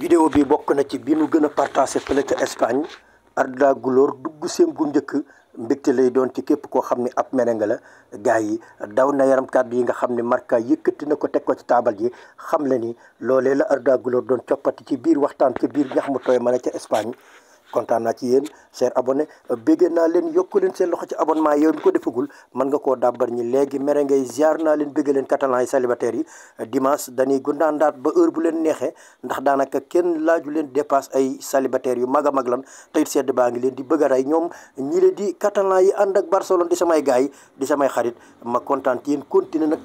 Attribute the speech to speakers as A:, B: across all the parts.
A: vidéo bi bokk na ci bi nu gën a partagé fële ca Espagne Arda Güler dugg seem gu njëkk mbégte lay doon ci képp koo xam ni ab merengue la gars yi daw na yaram kàddu yi nga xam ne Marca yëkkati na ko teg ko ci taabal ji xam le ni loole la Arda Güler doon coppati ci biir waxtaan ci biir ñax mu tooy ma ne ca Espagne kontaan naa ci yéen cher abonné béggee naa leen yokk leen seen loxo ci abonnement yow mi ko defagul mën nga koo dàbbar ñi léegi mere ngay ziar naa leen bégge leen catalan yi célibataires yi dimanche dañuy gundaandaat ba heure bu leen neexee ndax daanaka kenn laaju leen dépasse ay célibataires yu mag a mag lan teyit sedd baa ngi leen di bëgg a rey ñoom ñi le di catalan yi ànd ak Barcelone di samay gars yi di samay xarit ma kontaan ci yéen continuer nag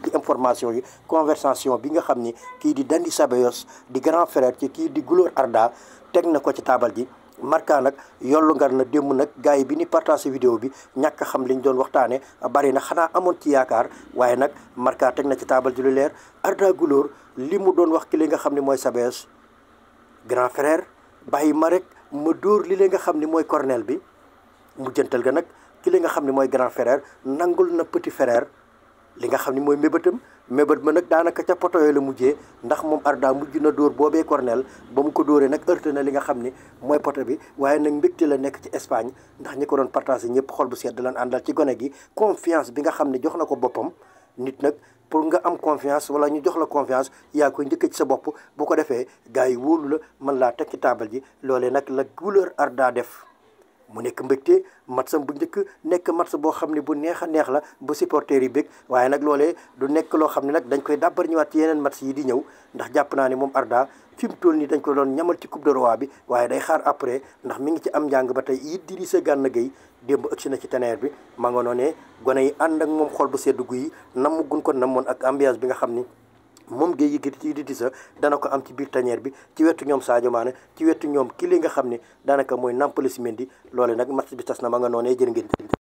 A: ci yi conversation bi nga xam ni kii di Dani Ceballos di grand ci kii di Goulart Arda teg na ko ci taabal ji marka nag yollu ngar na démb nag gars yi bi ni partagé vidéo bi ñàkk xam liñ doon waxtaane bari na xanaa amoon ci yaakaar waaye nag marka teg na ci taabal ji lu leer Arda Güler li mu doon wax ki li nga xam ne mooy Sabès grand frère bàyyi ma rek ma dóor li li nga xam ni mooy cornel bi mu jëntal ga nag ki li nga xam ne mooy grand frère nangul na petit frère li nga xam ne mooy mébétam mébét ma nag daanaka ca poto yooyu la mujjee ndax moom Arda mujj na dóor boobee cornel ba mu ko dóoree nag heurté na li nga xam ni mooy poto bi waaye nag mbégte la nekk ci Espagne ndax ñi ko doon partagé ñëpp xol bu sedd lan àndal ci gone gi confiance bi nga xam ne jox na ko boppam nit nag pour nga am confiance wala ñu jox la confiance yaa koy njëkk ci sa bopp bu ko defee gars yi wóolu la mën laa teg ci taabal ji loolee nag la couleur Arda def mu nekk mbégte matsam bu njëkk nekk mats boo xam ne bu neex a neex la bu supporter yi bég waaye nag loole du nekk loo xam ne nag dañ koy dàbbar ñëwaat ci yeneen mats yi di ñëw ndax jàpp naa ne moom Arda fi mu toll nii dañ ko doon ñamal ci coupe de roi bi waaye day xaar après ndax mi ngi ci am njàng ba tey it diri sa gànn gay démb ëgsi na ci teneer bi ma nga noonee gone yi ànd ak moom xool bu sedd guy namm gun ko namoon ak ambiance bi nga xam ni moom Guèye Yekini Idrissa dana ko am ci biir tanière bi ci wetu ñoom Sadio Mané ci wetu ñoom ki li nga xam ne daanaka mooy Nampalys Mendy loole nag match bi tas na ma nga noonee jërë ngeen